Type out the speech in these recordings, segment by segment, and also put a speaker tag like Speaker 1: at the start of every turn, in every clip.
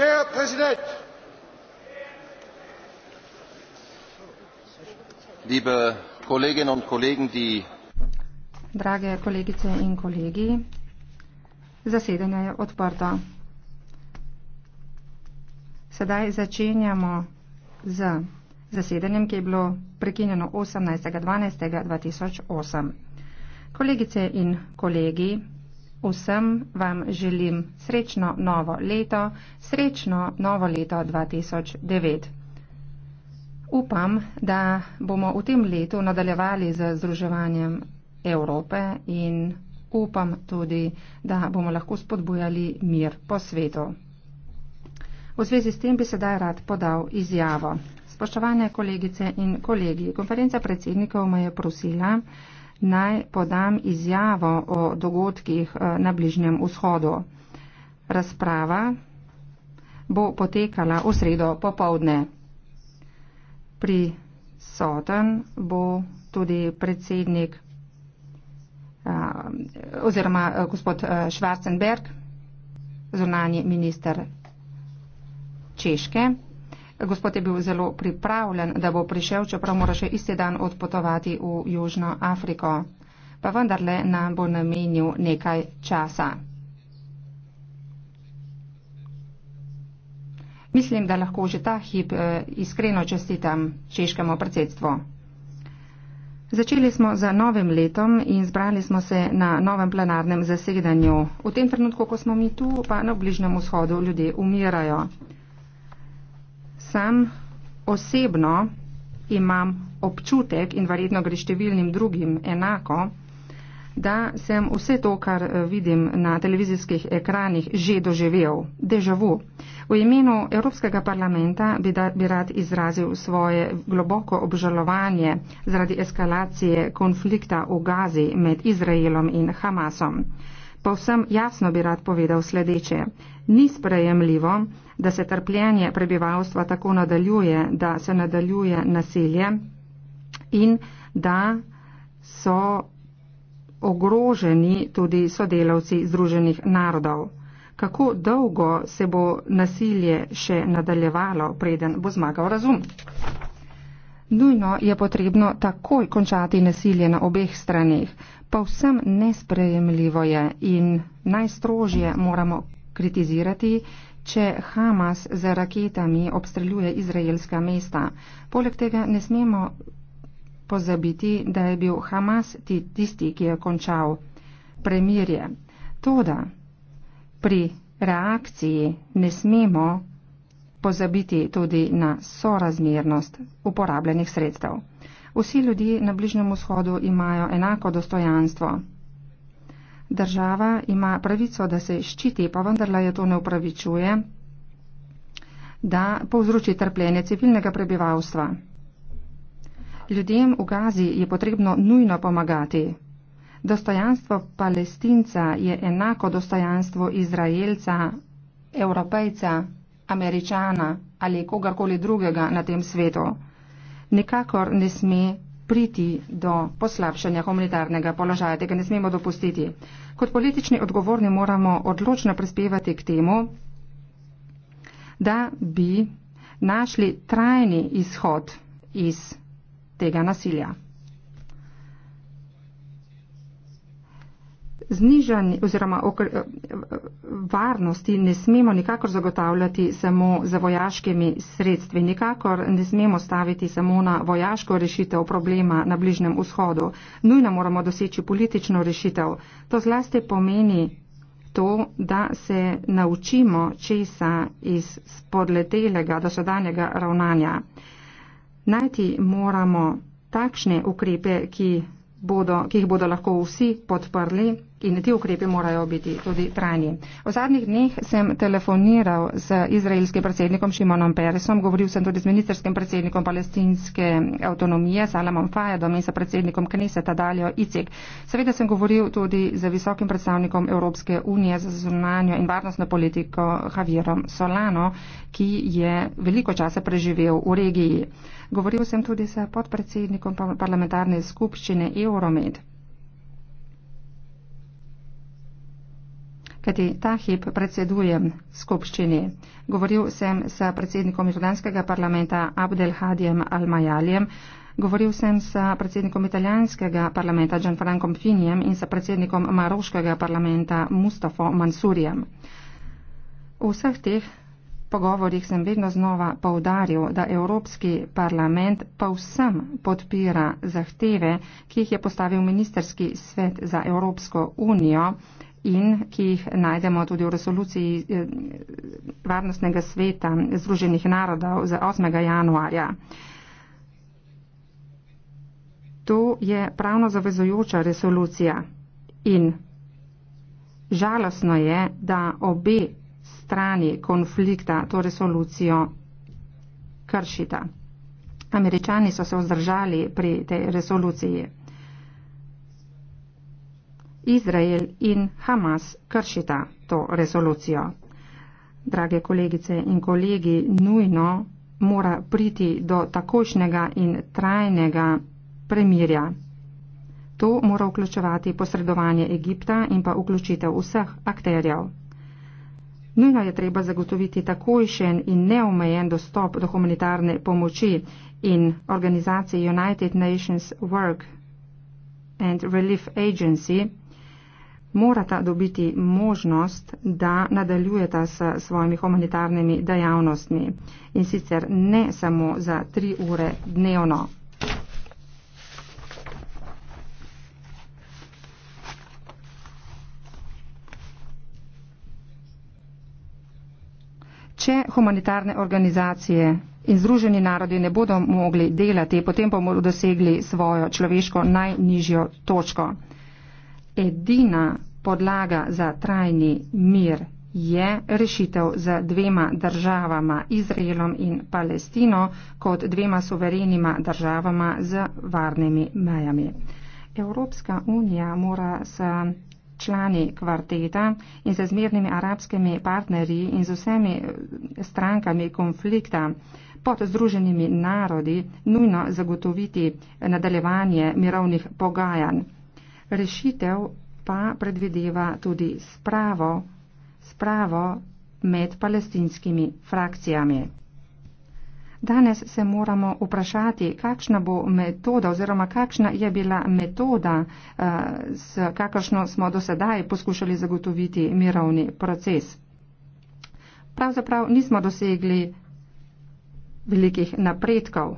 Speaker 1: Herr Präsident!
Speaker 2: Liebe Kolleginnen und Kollegen, die
Speaker 1: Drage kolegice in kolegi, zasedanje je odprto. Sedaj začenjamo z zasedanjem, ki je bilo prekinjeno 18.12.2008. Kolegice in kolegi, Vsem vam želim srečno novo leto, srečno novo leto 2009. Upam, da bomo v tem letu nadaljevali z združevanjem Evrope in upam tudi, da bomo lahko spodbujali mir po svetu. V zvezi s tem bi sedaj rad podal izjavo. Spoštovane kolegice in kolegi, konferenca predsednikov me je prosila, naj podam izjavo o dogodkih eh, na Bližnjem vzhodu. Razprava bo potekala v sredo popovdne. Prisoten bo tudi predsednik eh, oziroma eh, gospod Schwarzenberg, zunani minister Češke. Gospod je bil zelo pripravljen, da bo prišel, čeprav mora še isti dan odpotovati v Južno Afriko. Pa vendarle nam bo namenil nekaj časa. Mislim, da lahko že ta hip eh, iskreno čestitam češkemu predsedstvu. Začeli smo za novim letom in zbrali smo se na novem plenarnem zasedanju. V tem trenutku, ko smo mi tu, pa na Bližnjem vzhodu ljudje umirajo sam osebno imam občutek in verjetno gre številnim drugim enako, da sem vse to, kar eh, vidim na televizijskih ekranih, že doživel. Dežavu. V imenu Evropskega parlamenta bi, da, bi rad izrazil svoje globoko obžalovanje zaradi eskalacije konflikta v Gazi med Izraelom in Hamasom. Povsem jasno bi rad povedal sledeče. Ni sprejemljivo, da se trpljenje prebivalstva tako nadaljuje, da se nadaljuje nasilje in da so ogroženi tudi sodelavci Združenih narodov. Kako dolgo se bo nasilje še nadaljevalo, preden bo zmagal razum? Nujno je potrebno takoj končati nasilje na obeh stranih povsem nesprejemljivo je in najstrožje moramo kritizirati, če Hamas z raketami obstreljuje izraelska mesta. Poleg tega ne smemo pozabiti, da je bil Hamas tisti, ki je končal premirje. Toda pri reakciji ne smemo pozabiti tudi na sorazmernost uporabljenih sredstev. Vsi ljudje na Bližnjem vzhodu imajo enako dostojanstvo. Država ima pravico, da se ščiti, pa vendarle je to ne upravičuje, da povzroči trpljenje civilnega prebivalstva. Ljudem v Gazi je potrebno nujno pomagati. Dostojanstvo palestinca je enako dostojanstvo izraelca, evropejca, američana ali kogarkoli drugega na tem svetu nikakor ne sme priti do poslabšanja humanitarnega položaja. Tega ne smemo dopustiti. Kot politični odgovorni moramo odločno prispevati k temu, da bi našli trajni izhod iz tega nasilja. znižanje oziroma eh, varnosti ne smemo nikakor zagotavljati samo za vojaškimi sredstvi, nikakor ne smemo staviti samo na vojaško rešitev problema na Bližnem vzhodu. Nujno moramo doseči politično rešitev. To zlasti pomeni to, da se naučimo česa iz spodletelega dosedanjega ravnanja. Najti moramo takšne ukrepe, ki, bodo, ki jih bodo lahko vsi podprli in ti ukrepi morajo biti tudi trajni. V zadnjih dneh sem telefoniral z izraelskim predsednikom Šimonom Peresom, govoril sem tudi z ministerskim predsednikom palestinske avtonomije Salamom Fajadom in s predsednikom Kneseta Daljo Icek. Seveda sem govoril tudi z visokim predstavnikom Evropske unije za zunanjo in varnostno politiko Javierom Solano, ki je veliko časa preživel v regiji. Govoril sem tudi s podpredsednikom parlamentarne skupščine Euromed. kajti ta hip predsedujem skupščini. Govoril sem s predsednikom Jordanskega parlamenta Abdelhadijem Al-Majalijem, govoril sem s predsednikom Italijanskega parlamenta Gianfrancom Finijem in s predsednikom Maroškega parlamenta Mustafo Mansurijem. Vseh teh pogovorih sem vedno znova povdaril, da Evropski parlament pa vsem podpira zahteve, ki jih je postavil Ministerski svet za Evropsko unijo in ki jih najdemo tudi v resoluciji eh, Varnostnega sveta Združenih narodov z 8. januarja. To je pravno zavezujoča resolucija in žalostno je, da obe strani konflikta to resolucijo kršita. Američani so se vzdržali pri tej resoluciji. Izrael in Hamas kršita to rezolucijo. Drage kolegice in kolegi, nujno mora priti do takošnjega in trajnega premirja. To mora vključevati posredovanje Egipta in pa vključitev vseh akterjev. Nujno je treba zagotoviti takojšen in neomejen dostop do humanitarne pomoči in organizacije United Nations Work and Relief Agency morata dobiti možnost, da nadaljujeta s svojimi humanitarnimi dejavnostmi in sicer ne samo za tri ure dnevno. Če humanitarne organizacije in Združeni narodi ne bodo mogli delati, potem bomo dosegli svojo človeško najnižjo točko edina podlaga za trajni mir je rešitev z dvema državama, Izraelom in Palestino, kot dvema suverenima državama z varnimi mejami. Evropska unija mora s člani kvarteta in z zmernimi arabskimi partnerji in z vsemi eh, strankami konflikta pod združenimi narodi nujno zagotoviti nadaljevanje mirovnih pogajanj. Rešitev pa predvideva tudi spravo, spravo med palestinskimi frakcijami. Danes se moramo vprašati, kakšna bo metoda oziroma kakšna je bila metoda, eh, s kakršno smo do sedaj poskušali zagotoviti mirovni proces. Pravzaprav nismo dosegli velikih napredkov.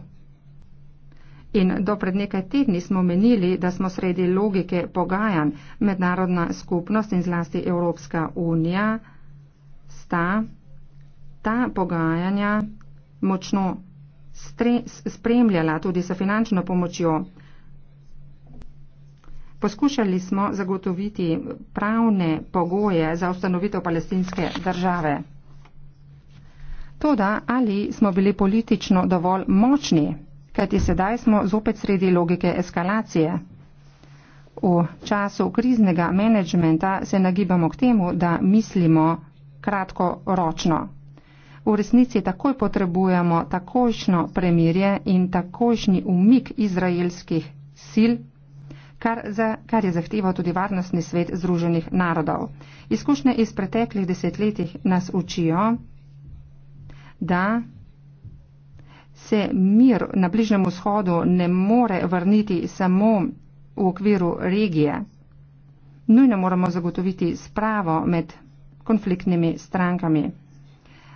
Speaker 1: In do pred nekaj tedni smo menili, da smo sredi logike pogajanj mednarodna skupnost in zlasti Evropska unija sta ta pogajanja močno spremljala tudi sa finančno pomočjo. Poskušali smo zagotoviti pravne pogoje za ustanovitev palestinske države. Toda ali smo bili politično dovolj močni? kajti sedaj smo zopet sredi logike eskalacije. V času kriznega menedžmenta se nagibamo k temu, da mislimo kratkoročno. V resnici takoj potrebujemo takojšno premirje in takojšnji umik izraelskih sil, kar, za, kar je zahteval tudi varnostni svet Združenih narodov. Izkušnje iz preteklih desetletij nas učijo, da se mir na Bližnjem vzhodu ne more vrniti samo v okviru regije. Nujno moramo zagotoviti spravo med konfliktnimi strankami.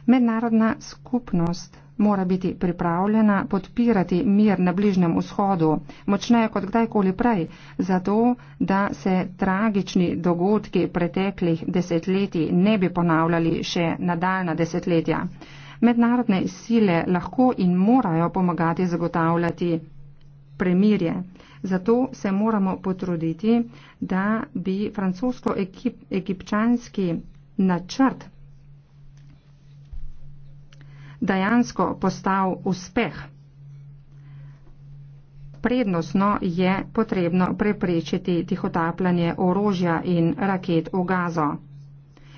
Speaker 1: Mednarodna skupnost mora biti pripravljena podpirati mir na Bližnjem vzhodu, močneje kot kdajkoli prej, zato da se tragični dogodki preteklih desetletij ne bi ponavljali še nadaljna desetletja mednarodne sile lahko in morajo pomagati zagotavljati premirje. Zato se moramo potruditi, da bi francosko-egipčanski načrt dejansko postal uspeh. Prednostno je potrebno preprečiti tihotapljanje orožja in raket v gazo.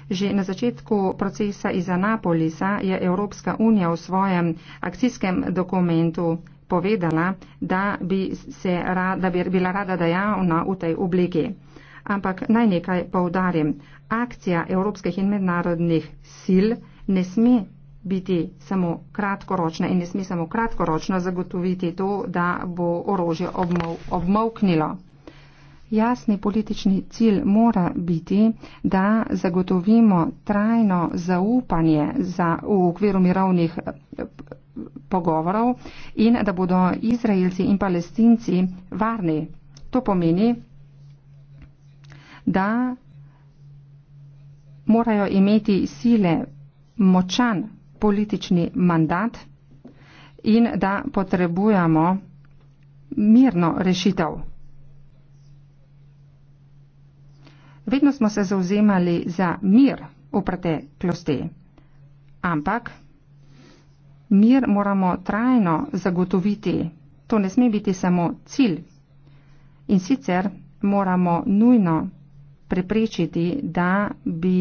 Speaker 1: Že na začetku procesa iz Anapolisa je Evropska unija v svojem akcijskem dokumentu povedala, da bi, se, da bi bila rada dejavna v tej obliki. Ampak naj nekaj povdarim. Akcija evropskih in mednarodnih sil ne sme biti samo kratkoročna in ne sme samo kratkoročno zagotoviti to, da bo orožje obmov, obmovknilo. Jasni politični cilj mora biti, da zagotovimo trajno zaupanje za, v okviru mirovnih eh, pogovorov in da bodo Izraelci in Palestinci varni. To pomeni, da morajo imeti sile močan politični mandat in da potrebujemo mirno rešitev. Vedno smo se zauzemali za mir v preteklosti, ampak mir moramo trajno zagotoviti. To ne sme biti samo cilj. In sicer moramo nujno preprečiti, da bi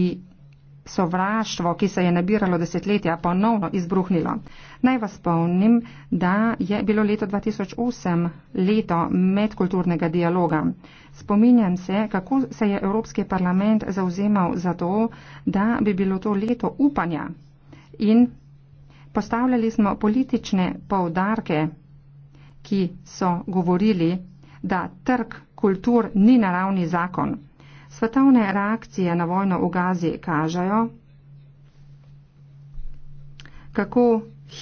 Speaker 1: sovraštvo, ki se je nabiralo desetletja, ponovno izbruhnilo. Naj vas spomnim, da je bilo leto 2008 leto medkulturnega dialoga. Spominjam se, kako se je Evropski parlament zauzemal za to, da bi bilo to leto upanja. In postavljali smo politične povdarke, ki so govorili, da trg kultur ni naravni zakon. Svetovne reakcije na vojno v Gazi kažejo, kako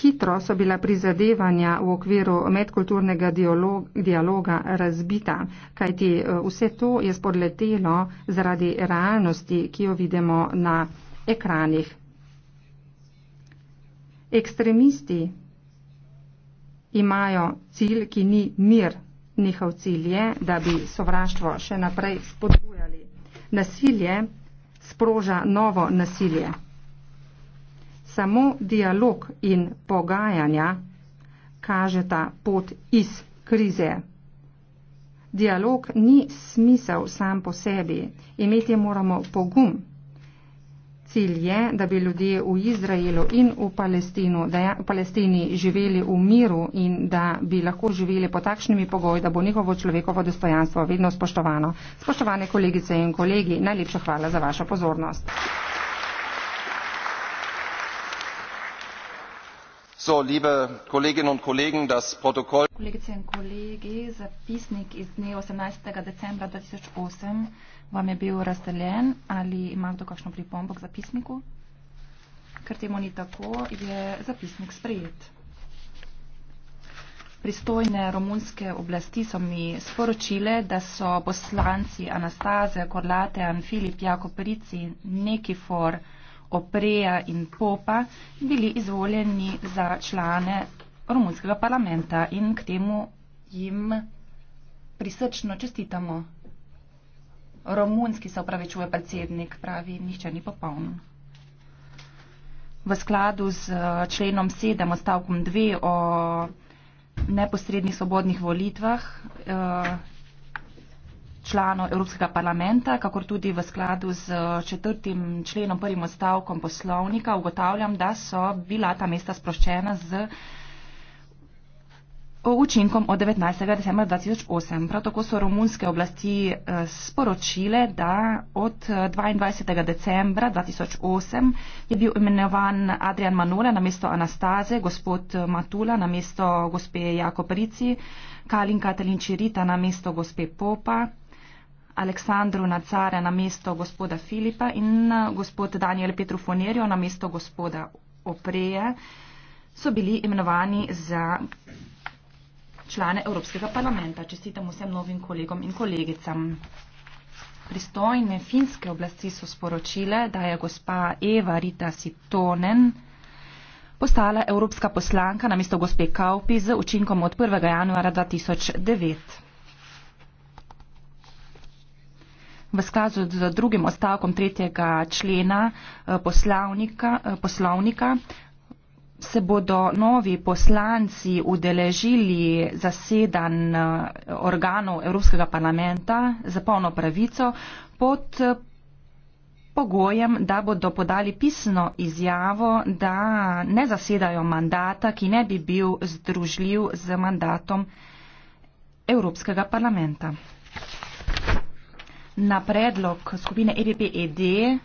Speaker 1: hitro so bila prizadevanja v okviru medkulturnega dialoga razbita, kajti eh, vse to je spodletelo zaradi realnosti, ki jo vidimo na ekranih. Ekstremisti imajo cilj, ki ni mir. Njihov cilj je, da bi sovraštvo še naprej spodbujali nasilje sproža novo nasilje. Samo dialog in pogajanja kažeta pot iz krize. Dialog ni smisel sam po sebi, imeti moramo pogum cilj je, da bi ljudje v Izraelu in v, da je, v Palestini živeli v miru in da bi lahko živeli po takšnimi pogoji, da bo njihovo človekovo dostojanstvo vedno spoštovano. Spoštovane kolegice in kolegi, najlepša hvala za vašo pozornost.
Speaker 2: liebe Kolleginnen und Kollegen, das Protokoll. Kolegice in kolegi, zapisnik iz dne 18. decembra 2008 vam je bil razdeljen. Ali ima kdo kakšno pripombo k zapisniku? Ker temu ni tako, je zapisnik sprejet. Pristojne romunske oblasti so mi sporočile, da so poslanci Anastaze, Korlate, Anfilip, Jakob Rici, Nekifor, Opreja in Popa bili izvoljeni za člane romunskega parlamenta in k temu jim prisrčno čestitamo. Romunski se upravičuje predsednik, pravi, nihče ni popoln. V skladu z eh, členom 7 odstavkom 2 o neposrednih svobodnih volitvah eh, članov Evropskega parlamenta, kakor tudi v skladu z eh, četrtim členom prvim odstavkom poslovnika, ugotavljam, da so bila ta mesta sproščena z učinkom od 19. decembra 2008. Prav tako so romunske oblasti eh, sporočile, da od 22. Eh, decembra 2008 je bil imenovan Adrian Manole na mesto Anastaze, gospod Matula na mesto gospe Jakoprici, Kalinka Telinčirita na mesto gospe Popa, Aleksandru Nacare na mesto gospoda Filipa in gospod Daniel Petru Fonerjo na mesto gospoda Opreje so bili imenovani za člane Evropskega parlamenta. Čestitam vsem novim kolegom in kolegicam. Pristojne finske oblasti so sporočile, da je gospa Eva Rita Sitonen postala evropska poslanka na mesto gospe Kaupi z učinkom od 1. januara 2009. v skladu z drugim ostavkom tretjega člena eh, poslovnika, eh, poslovnika se bodo novi poslanci udeležili zasedan eh, organov Evropskega parlamenta za polno pravico pod pogojem, da bodo podali pisno izjavo, da ne zasedajo mandata, ki ne bi bil združljiv z mandatom Evropskega parlamenta na predlog skupine EPPED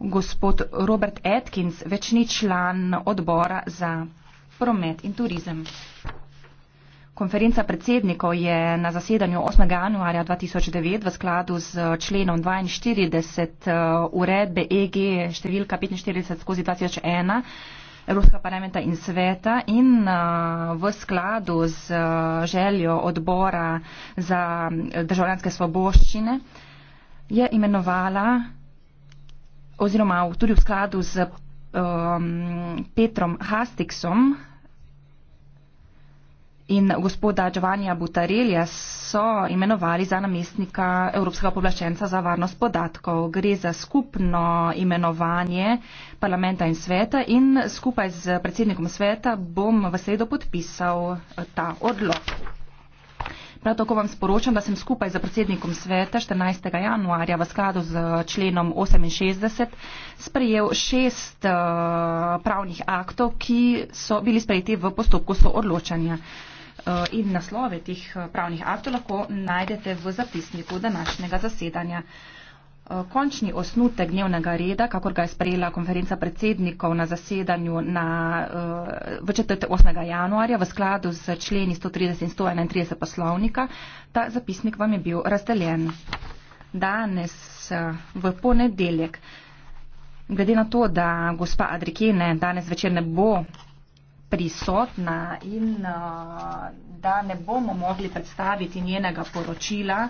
Speaker 2: gospod Robert Atkins, večni član odbora za promet in turizem. Konferenca predsednikov je na zasedanju 8. januarja 2009 v skladu z členom 42 uh, uredbe EG številka 45 skozi 2001 Evropskega parlamenta in sveta in uh, v skladu z uh, željo odbora za državljanske svoboščine je imenovala oziroma tudi v skladu z um, Petrom Hastiksom, in gospoda Giovannija Butarelja so imenovali za namestnika Evropskega poblaščenca za varnost podatkov. Gre za skupno imenovanje parlamenta in sveta in skupaj z predsednikom sveta bom v sredo podpisal eh, ta odlog. Prav tako vam sporočam, da sem skupaj z predsednikom sveta 14. januarja v skladu z členom 68 sprejel šest eh, pravnih aktov, ki so bili sprejeti v postopku soodločanja. odločanja. Eh, in naslove teh eh, pravnih aktov lahko najdete v zapisniku današnjega zasedanja. Eh, končni osnutek dnevnega reda, kakor ga je sprejela konferenca predsednikov na zasedanju na, v 8. januarja v skladu s členi 130 in 131 poslovnika, ta zapisnik vam je bil razdeljen. Danes v ponedeljek, glede na to, da gospa Adrikene danes večer ne bo prisotna in eh, da ne bomo mogli predstaviti njenega poročila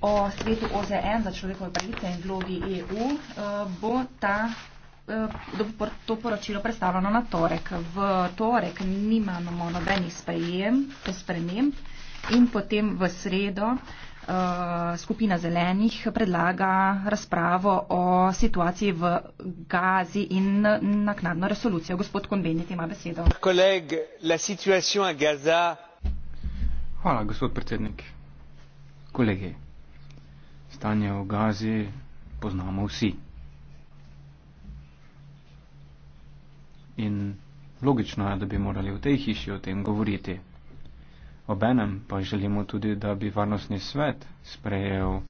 Speaker 2: o svetu OZN za človekove pravice in vlogi EU, eh, bo ta, eh, to poročilo predstavljeno na torek. V torek nimamo nobenih sprejem, sprememb in potem v sredo Eh, skupina zelenih predlaga razpravo o situaciji v Gazi in naknadno resolucijo. Gospod Konbenet ima besedo.
Speaker 1: Koleg, Gaza...
Speaker 2: Hvala, gospod predsednik. Kolegi, stanje v Gazi poznamo vsi. In logično je, da bi morali v tej hiši o tem govoriti. Obenem pa želimo tudi, da bi varnostni svet sprejel